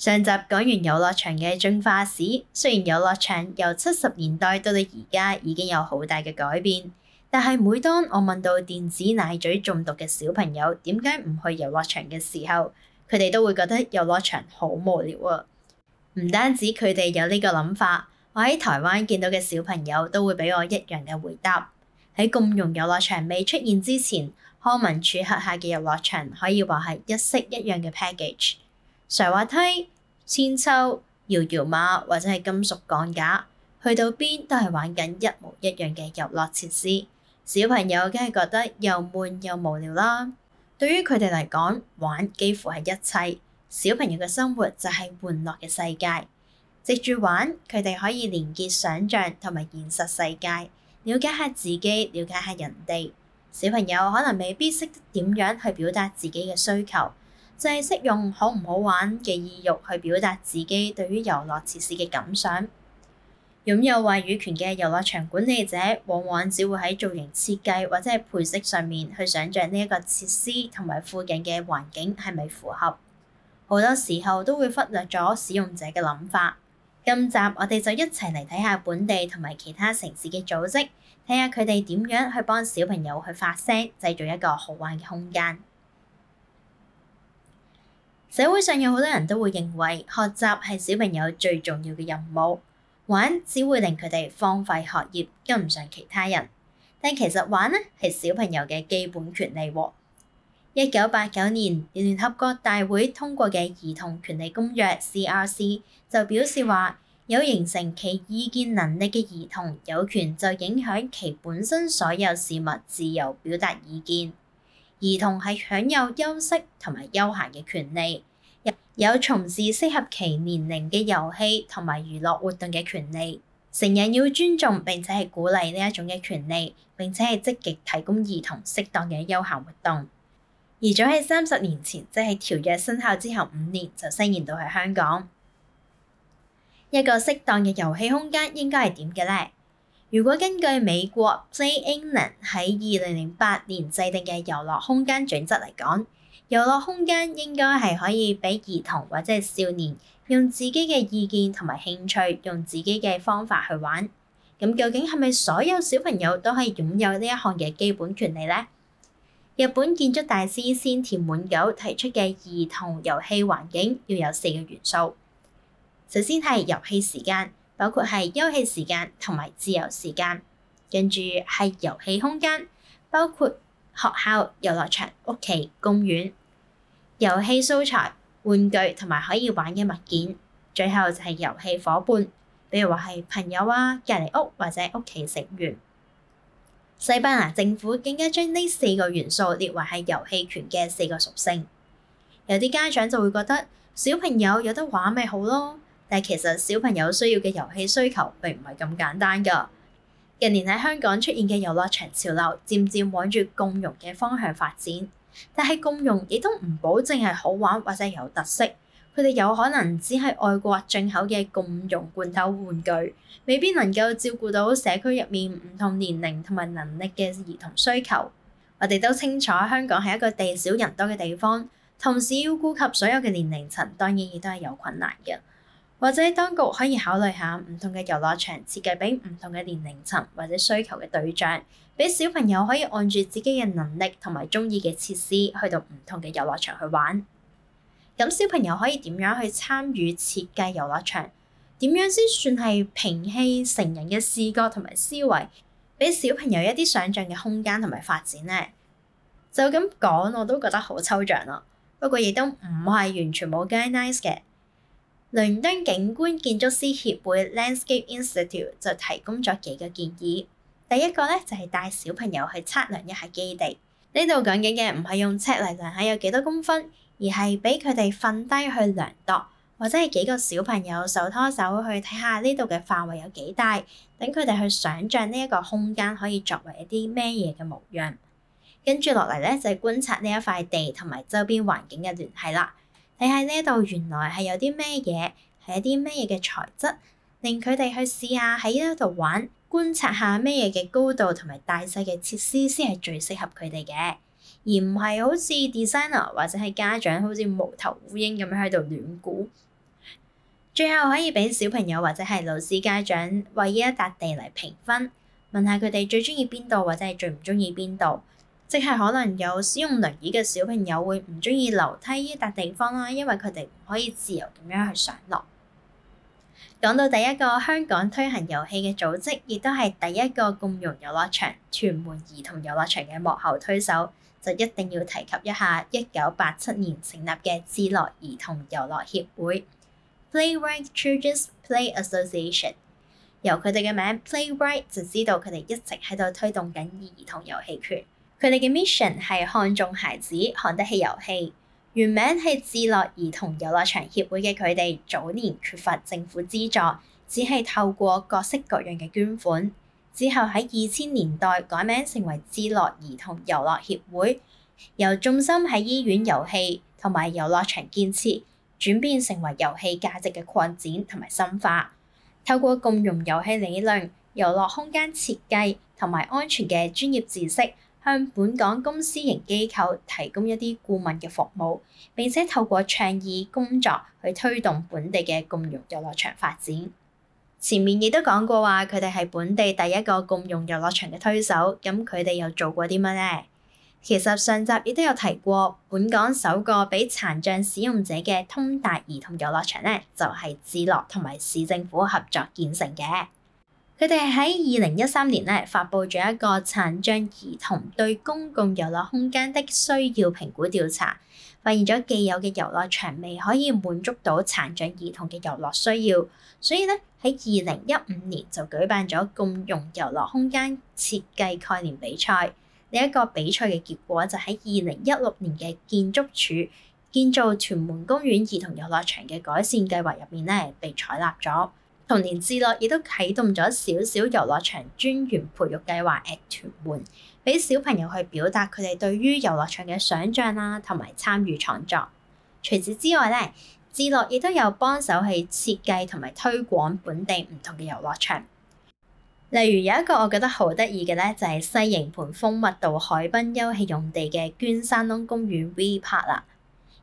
上集講完遊樂場嘅進化史，雖然遊樂場由七十年代到到而家已經有好大嘅改變，但係每當我問到電子奶嘴中毒嘅小朋友點解唔去遊樂場嘅時候，佢哋都會覺得遊樂場好無聊啊！唔單止佢哋有呢個諗法，我喺台灣見到嘅小朋友都會俾我一樣嘅回答：喺共融遊樂場未出現之前，康文署轄下嘅遊樂場可以話係一式一樣嘅 package。斜滑梯、韆鞦、搖搖馬或者係金屬鋼架，去到邊都係玩緊一模一樣嘅遊樂設施。小朋友梗係覺得又悶又無聊啦。對於佢哋嚟講，玩幾乎係一切。小朋友嘅生活就係玩樂嘅世界，藉住玩，佢哋可以連結想像同埋現實世界，了解下自己，了解下人哋。小朋友可能未必識得點樣去表達自己嘅需求。就係識用好唔好玩嘅意欲去表達自己對於遊樂設施嘅感想。擁有話語權嘅遊樂場管理者，往往只會喺造型設計或者係配色上面去想像呢一個設施同埋附近嘅環境係咪符合。好多時候都會忽略咗使用者嘅諗法。今集我哋就一齊嚟睇下本地同埋其他城市嘅組織，睇下佢哋點樣去幫小朋友去發聲，製造一個好玩嘅空間。社會上有好多人都會認為學習係小朋友最重要嘅任務，玩只會令佢哋荒廢學業，跟唔上其他人。但其實玩呢係小朋友嘅基本權利喎。一九八九年，聯合國大會通過嘅《兒童權利公約》（CRC） 就表示話，有形成其意見能力嘅兒童，有權就影響其本身所有事物，自由表達意見。兒童係享有休息同埋休閒嘅權利，有從事適合其年齡嘅遊戲同埋娛樂活動嘅權利。成人要尊重並且係鼓勵呢一種嘅權利，並且係積極提供兒童適當嘅休閒活動。而早喺三十年前，即係條約生效之後五年，就伸延到去香港。一個適當嘅遊戲空間應該係點嘅咧？如果根據美國 j n l n 喺二零零八年制定嘅遊樂空間準則嚟講，遊樂空間應該係可以俾兒童或者係少年用自己嘅意見同埋興趣，用自己嘅方法去玩。咁究竟係咪所有小朋友都可以擁有呢一項嘅基本權利咧？日本建築大師仙田滿九提出嘅兒童遊戲環境要有四個元素，首先係遊戲時間。包括係休息時間同埋自由時間，跟住係遊戲空間，包括學校遊樂場、屋企、公園、遊戲素材、玩具同埋可以玩嘅物件，最後就係遊戲夥伴，比如話係朋友啊、隔離屋或者屋企成員。西班牙政府更加將呢四個元素列為係遊戲權嘅四個屬性。有啲家長就會覺得小朋友有得玩咪好咯。但其實小朋友需要嘅遊戲需求並唔係咁簡單㗎。近年喺香港出現嘅遊樂場潮流，漸漸往住共融嘅方向發展，但係共融亦都唔保證係好玩或者有特色。佢哋有可能只係外國進口嘅共融罐頭玩具，未必能夠照顧到社區入面唔同年齡同埋能力嘅兒童需求。我哋都清楚香港係一個地少人多嘅地方，同時要顧及所有嘅年齡層，當然亦都係有困難嘅。或者當局可以考慮下唔同嘅遊樂場設計畀唔同嘅年齡層或者需求嘅對象，畀小朋友可以按住自己嘅能力同埋鍾意嘅設施去到唔同嘅遊樂場去玩。咁小朋友可以點樣去參與設計遊樂場？點樣先算係平氣成人嘅視覺同埋思維，畀小朋友一啲想像嘅空間同埋發展呢？就咁講我都覺得好抽象咯。不過亦都唔係完全冇 guidelines 嘅。倫敦景觀建築師協會 Landscape Institute 就提供咗幾個建議，第一個咧就係帶小朋友去測量一下基地。呢度講緊嘅唔係用尺嚟量下有幾多公分，而係俾佢哋瞓低去量度，或者係幾個小朋友手拖手去睇下呢度嘅範圍有幾大，等佢哋去想像呢一個空間可以作為一啲咩嘢嘅模樣。跟住落嚟咧就係觀察呢一塊地同埋周邊環境嘅聯繫啦。你喺呢度原來係有啲咩嘢，係一啲咩嘢嘅材質，令佢哋去試下喺呢度玩，觀察下咩嘢嘅高度同埋大細嘅設施先係最適合佢哋嘅，而唔係好似 designer 或者係家長好似無頭烏蠅咁樣喺度亂估。最後可以俾小朋友或者係老師家長為呢一笪地嚟評分，問下佢哋最中意邊度或者係最唔中意邊度。即係可能有使用輪椅嘅小朋友會唔中意樓梯呢笪地方啦，因為佢哋唔可以自由咁樣去上落。講到第一個香港推行遊戲嘅組織，亦都係第一個共用遊樂場、屯門兒童遊樂場嘅幕後推手，就一定要提及一下一九八七年成立嘅智樂兒童遊樂協會 （Playwright Children's Play Association）。由佢哋嘅名 Playwright 就知道佢哋一直喺度推動緊兒童遊戲權。佢哋嘅 mission 係看重孩子，看得起遊戲。原名係智樂兒童遊樂場協會嘅佢哋，早年缺乏政府資助，只係透過各式各樣嘅捐款。之後喺二千年代改名成為智樂兒童遊樂協會，由重心喺醫院遊戲同埋遊樂場建設轉變成為遊戲價值嘅擴展同埋深化。透過共融遊戲理論、遊樂空間設計同埋安全嘅專業知識。向本港公私營機構提供一啲顧問嘅服務，並且透過倡議工作去推動本地嘅共用遊樂場發展。前面亦都講過話，佢哋係本地第一個共用遊樂場嘅推手。咁佢哋又做過啲乜呢？其實上集亦都有提過，本港首個俾殘障使用者嘅通達兒童遊樂場咧，就係智樂同埋市政府合作建成嘅。佢哋喺二零一三年咧，發布咗一個殘障兒童對公共遊樂空間的需要評估調查，發現咗既有嘅遊樂場未可以滿足到殘障兒童嘅遊樂需要，所以咧喺二零一五年就舉辦咗共用遊樂空間設計概念比賽。呢一個比賽嘅結果就喺二零一六年嘅建築署建造屯門公園兒童遊樂場嘅改善計劃入面咧，被採納咗。同年智樂亦都啟動咗小小遊樂場專員培育計劃喺屯門，俾小朋友去表達佢哋對於遊樂場嘅想像啦，同埋參與創作。除此之外咧，智樂亦都有幫手去設計同埋推廣本地唔同嘅遊樂場。例如有一個我覺得好得意嘅咧，就係西營盤豐物道海濱休憩用地嘅娟山窿公園 V Park 啦，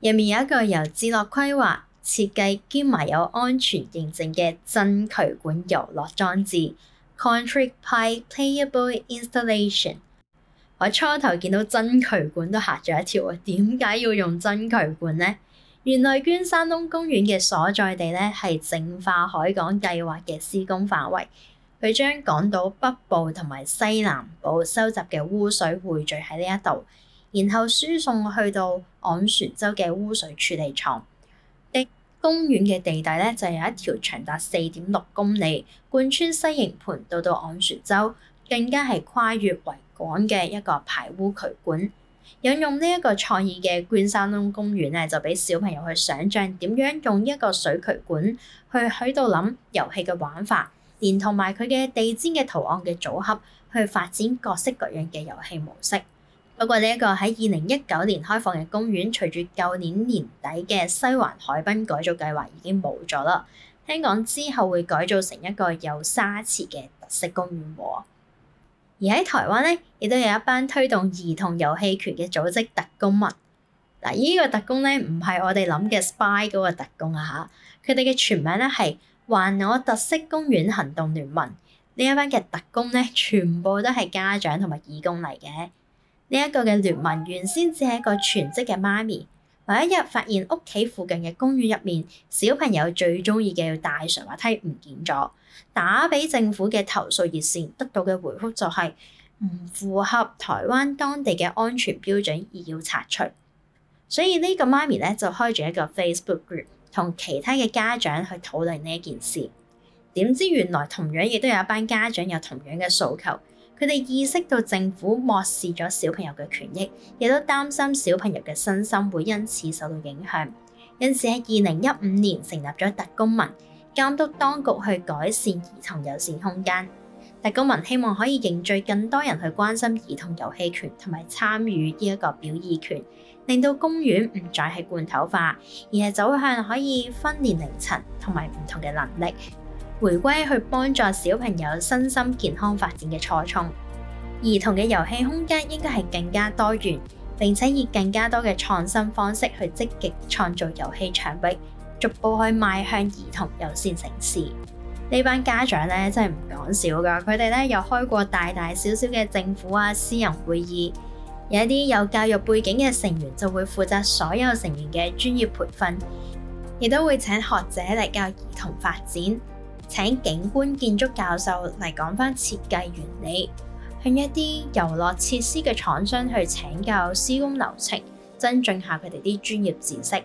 入面有一個由智樂規劃設計兼埋有安全認證嘅真渠管遊樂裝置 c o n t r e t e Pipe Playable Installation）。我初頭見到真渠管都嚇咗一跳啊！點解要用真渠管呢？原來捐山東公園嘅所在地咧，係淨化海港計劃嘅施工範圍，佢將港島北部同埋西南部收集嘅污水匯聚喺呢一度，然後輸送去到昂船洲嘅污水處理廠。公園嘅地帶呢，就有一條長達四點六公里，貫穿西營盤到到昂船洲，更加係跨越維港嘅一個排污渠管。引用呢一個創意嘅冠山窿公園呢，就畀小朋友去想像點樣用一個水渠管去喺度諗遊戲嘅玩法，連同埋佢嘅地氈嘅圖案嘅組合，去發展各式各樣嘅遊戲模式。不過呢一個喺二零一九年開放嘅公園，隨住舊年年底嘅西環海濱改造計劃已經冇咗啦。聽講之後會改造成一個有沙池嘅特色公園喎。而喺台灣咧，亦都有一班推動兒童遊戲權嘅組織特工員。嗱，呢個特工咧唔係我哋諗嘅 Spy 嗰個特工啊嚇。佢哋嘅全名咧係還我特色公園行動聯盟。呢一班嘅特工咧，全部都係家長同埋義工嚟嘅。呢一個嘅聯盟原先只係一個全職嘅媽咪，某一日發現屋企附近嘅公園入面小朋友最鍾意嘅大滑梯唔見咗，打俾政府嘅投訴熱線得到嘅回覆就係、是、唔符合台灣當地嘅安全標準而要拆除，所以呢個媽咪咧就開住一個 Facebook group 同其他嘅家長去討論呢一件事，點知原來同樣亦都有一班家長有同樣嘅訴求。佢哋意識到政府漠視咗小朋友嘅權益，亦都擔心小朋友嘅身心會因此受到影響，因此喺二零一五年成立咗特公民監督當局去改善兒童友善空間。特公民希望可以凝聚更多人去關心兒童遊戲權同埋參與呢一個表意權，令到公園唔再係罐頭化，而係走向可以分年齡層同埋唔同嘅能力。回歸去幫助小朋友身心健康發展嘅初衷，兒童嘅遊戲空間應該係更加多元，並且以更加多嘅創新方式去積極創造遊戲場域，逐步去邁向兒童優先城市。呢班家長咧真係唔講笑㗎，佢哋咧又開過大大小小嘅政府啊、私人會議，有一啲有教育背景嘅成員就會負責所有成員嘅專業培訓，亦都會請學者嚟教兒童發展。請景觀建築教授嚟講翻設計原理，向一啲遊樂設施嘅廠商去請教施工流程，增進下佢哋啲專業知識。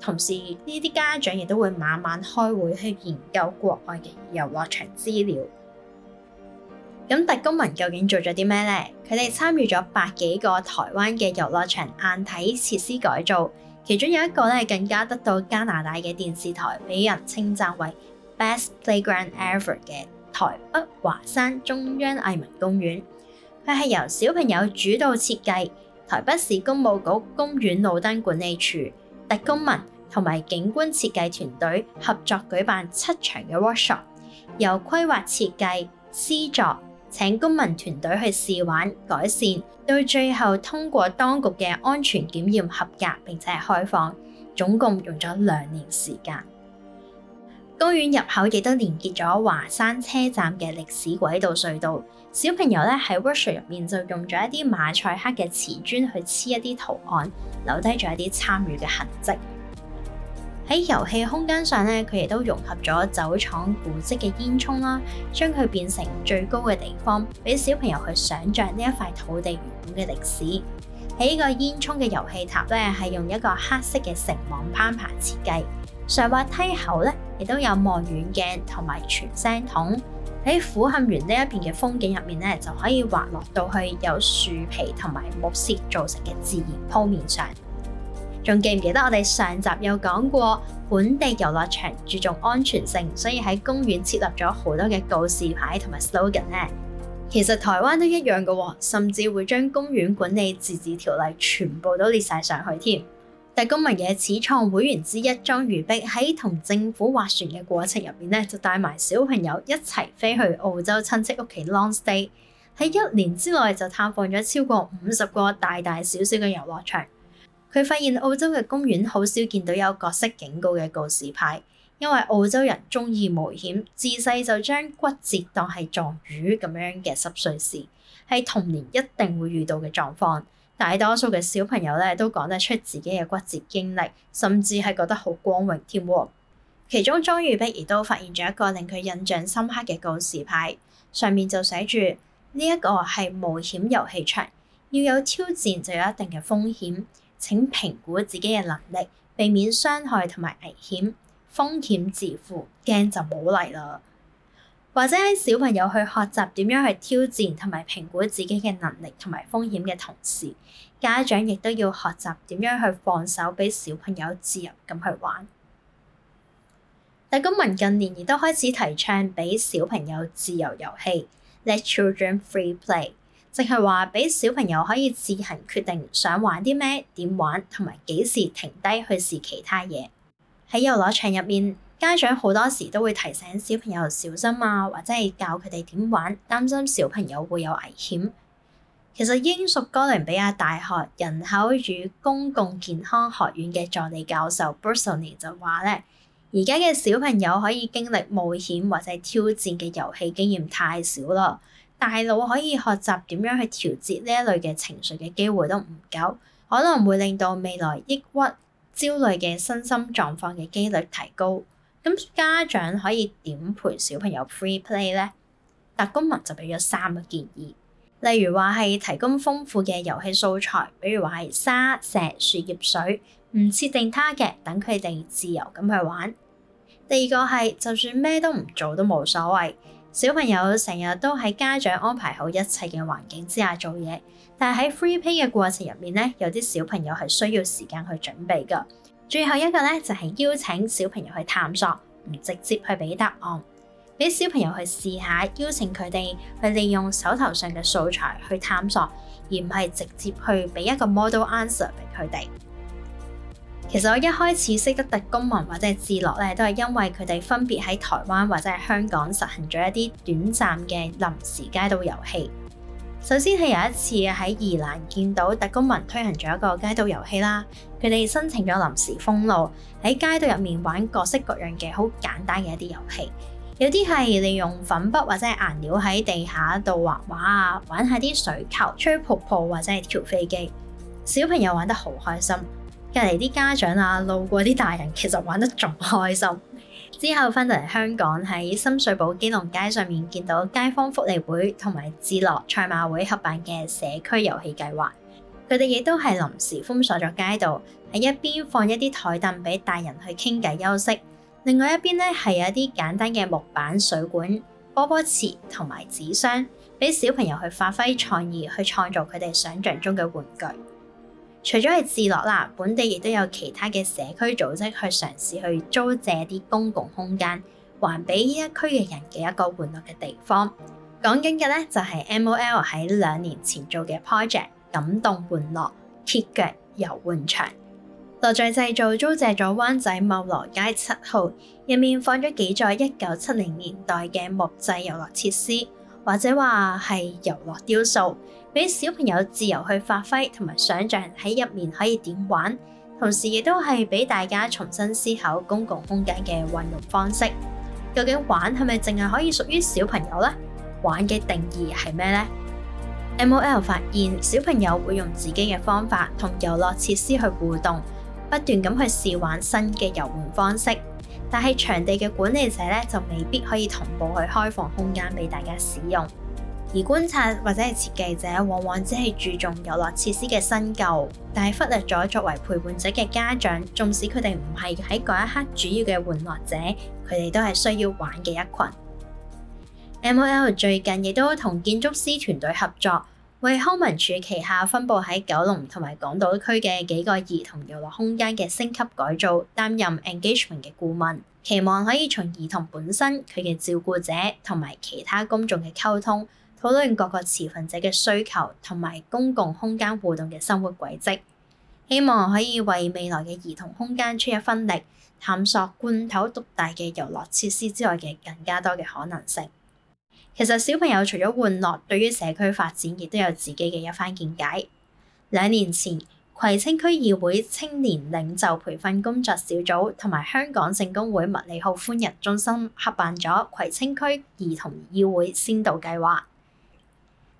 同時呢啲家長亦都會晚晚開會去研究國外嘅遊樂場資料。咁特公盟究竟做咗啲咩呢？佢哋參與咗百幾個台灣嘅遊樂場硬體設施改造，其中有一個咧更加得到加拿大嘅電視台俾人稱讚為 Best Playground Ever 嘅台北華山中央藝文公園，佢係由小朋友主導設計，台北市公務局公園路燈管理處特公民同埋景觀設計團隊合作舉辦七場嘅 workshop，由規劃設計、施作、請公民團隊去試玩、改善，到最後通過當局嘅安全檢驗合格，並且係開放，總共用咗兩年時間。公園入口亦都連結咗華山車站嘅歷史軌道隧道。小朋友咧喺 v i r 入面就用咗一啲馬賽克嘅瓷磚去黐一啲圖案，留低咗一啲參與嘅痕跡。喺遊戲空間上咧，佢亦都融合咗酒廠古跡嘅煙囪啦，將佢變成最高嘅地方，俾小朋友去想像呢一塊土地原本嘅歷史。喺呢個煙囪嘅遊戲塔咧，係用一個黑色嘅繩網攀爬設計。上滑梯口咧，亦都有望遠鏡同埋傳聲筒。喺俯瞰完呢一邊嘅風景入面咧，就可以滑落到去有樹皮同埋木屑造成嘅自然鋪面上。仲記唔記得我哋上集有講過，本地遊樂場注重安全性，所以喺公園設立咗好多嘅告示牌同埋 slogan 咧。其實台灣都一樣嘅，甚至會將公園管理自治條例全部都列晒上去添。大公盟嘅始創會員之一張如碧喺同政府划船嘅過程入邊咧，就帶埋小朋友一齊飛去澳洲親戚屋企 long stay，喺一年之內就探訪咗超過五十個大大小小嘅遊樂場。佢發現澳洲嘅公園好少見到有角色警告嘅告示牌，因為澳洲人中意冒險，自細就將骨折當係撞魚咁樣嘅濕碎事，喺童年一定會遇到嘅狀況。大多數嘅小朋友咧都講得出自己嘅骨折經歷，甚至係覺得好光榮添喎。其中，莊裕碧兒都發現咗一個令佢印象深刻嘅告示牌，上面就寫住呢一個係冒險遊戲場，要有挑戰就有一定嘅風險，請評估自己嘅能力，避免傷害同埋危險，風險自負，驚就冇嚟啦。或者喺小朋友去學習點樣去挑戰同埋評估自己嘅能力同埋風險嘅同時，家長亦都要學習點樣去放手畀小朋友自由咁去玩。李金文近年亦都開始提倡俾小朋友自由遊戲 （let children free play），淨係話俾小朋友可以自行決定想玩啲咩、點玩同埋幾時停低去試其他嘢。喺遊樂場入面。家長好多時都會提醒小朋友小心啊，或者係教佢哋點玩，擔心小朋友會有危險。其實，英屬哥倫比亞大學人口與公共健康學院嘅助理教授 Brussoni 就話咧，而家嘅小朋友可以經歷冒險或者挑戰嘅遊戲經驗太少啦，大腦可以學習點樣去調節呢一類嘅情緒嘅機會都唔夠，可能會令到未來抑鬱、焦慮嘅身心狀況嘅機率提高。咁家長可以點陪小朋友 free play 咧？但公文就俾咗三個建議，例如話係提供豐富嘅遊戲素材，比如話係沙、石、樹葉、水，唔設定 target 嘅，等佢哋自由咁去玩。第二個係就算咩都唔做都冇所謂，小朋友成日都喺家長安排好一切嘅環境之下做嘢，但喺 free play 嘅過程入面咧，有啲小朋友係需要時間去準備㗎。最後一個咧，就係邀請小朋友去探索，唔直接去俾答案，俾小朋友去試下，邀請佢哋去利用手頭上嘅素材去探索，而唔係直接去俾一個 model answer 俾佢哋。其實我一開始識得特工文或者智樂咧，都係因為佢哋分別喺台灣或者係香港實行咗一啲短暫嘅臨時街道遊戲。首先係有一次喺宜蘭見到特公盟推行咗一個街道遊戲啦，佢哋申請咗臨時封路，喺街道入面玩各式各樣嘅好簡單嘅一啲遊戲，有啲係利用粉筆或者係顏料喺地下度畫畫啊，玩下啲水球、吹泡泡或者係跳飛機，小朋友玩得好開心，隔籬啲家長啊、路過啲大人其實玩得仲開心。之後返到嚟香港喺深水埗基隆街上面見到街坊福利會同埋智樂賽馬會合辦嘅社區遊戲計劃，佢哋亦都係臨時封鎖咗街度，喺一邊放一啲台凳俾大人去傾偈休息，另外一邊咧係有一啲簡單嘅木板、水管、波波池同埋紙箱，俾小朋友去發揮創意去創造佢哋想像中嘅玩具。除咗係智樂啦，本地亦都有其他嘅社區組織去嘗試去租借啲公共空間，還俾呢一區嘅人嘅一個玩樂嘅地方。講緊嘅咧就係 MOL 喺兩年前做嘅 project《感動玩樂鐵腳遊玩場》，樂在製造租借咗灣仔茂羅街七號入面，放咗幾座一九七零年代嘅木製遊樂設施。或者話係遊樂雕塑，俾小朋友自由去發揮同埋想象喺入面可以點玩，同時亦都係俾大家重新思考公共空間嘅運用方式。究竟玩係咪淨係可以屬於小朋友呢？玩嘅定義係咩呢？MOL 發現小朋友會用自己嘅方法同遊樂設施去互動，不斷咁去試玩新嘅遊玩方式。但係場地嘅管理者咧，就未必可以同步去開放空間俾大家使用。而觀察或者係設計者，往往只係注重遊樂設施嘅新舊，但係忽略咗作為陪伴者嘅家長，縱使佢哋唔係喺嗰一刻主要嘅玩樂者，佢哋都係需要玩嘅一群。MOL 最近亦都同建築師團隊合作。為康文署旗下分佈喺九龍同埋港島區嘅幾個兒童遊樂空間嘅升級改造，擔任 engagement 嘅顧問，期望可以從兒童本身、佢嘅照顧者同埋其他公眾嘅溝通，討論各個持份者嘅需求同埋公共空間互動嘅生活軌跡，希望可以為未來嘅兒童空間出一分力，探索罐頭獨大嘅遊樂設施之外嘅更加多嘅可能性。其實小朋友除咗玩樂，對於社區發展亦都有自己嘅一番見解。兩年前，葵青區議會青年領袖培訓工作小組同埋香港聖公會麥理浩歡欣中心合辦咗葵青區兒童議會先導計劃，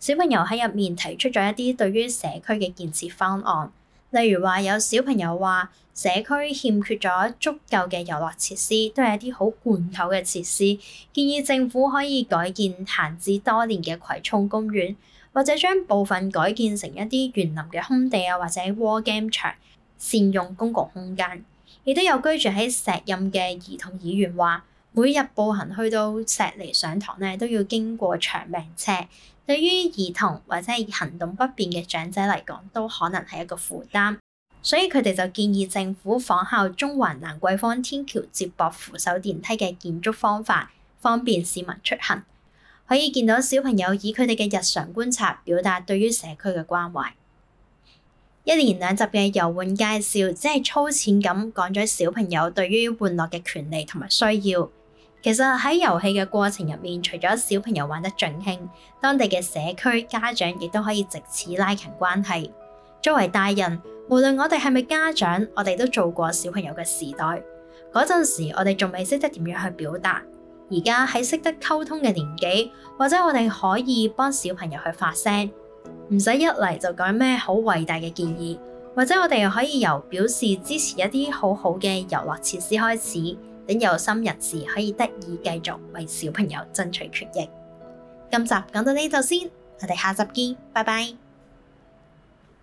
小朋友喺入面提出咗一啲對於社區嘅建設方案。例如話，有小朋友話社區欠缺咗足夠嘅遊樂設施，都係一啲好罐頭嘅設施。建議政府可以改建閒置多年嘅葵涌公園，或者將部分改建成一啲園林嘅空地啊，或者 war game 場，善用公共空間。亦都有居住喺石蔭嘅兒童議員話，每日步行去到石梨上堂咧，都要經過長命斜。對於兒童或者係行動不便嘅長者嚟講，都可能係一個負擔，所以佢哋就建議政府仿效中環蘭桂坊天橋接駁扶手電梯嘅建築方法，方便市民出行。可以見到小朋友以佢哋嘅日常觀察，表達對於社區嘅關懷。一連兩集嘅遊玩介紹，只係粗淺咁講咗小朋友對於玩樂嘅權利同埋需要。其實喺遊戲嘅過程入面，除咗小朋友玩得盡興，當地嘅社區家長亦都可以藉此拉近關係。作為大人，無論我哋係咪家長，我哋都做過小朋友嘅時代。嗰陣時我們還，我哋仲未識得點樣去表達，而家喺識得溝通嘅年紀，或者我哋可以幫小朋友去發聲，唔使一嚟就講咩好偉大嘅建議，或者我哋可以由表示支持一啲好好嘅遊樂設施開始。等有心人士可以得以繼續為小朋友爭取權益。今集講到呢度先，我哋下集見，拜拜。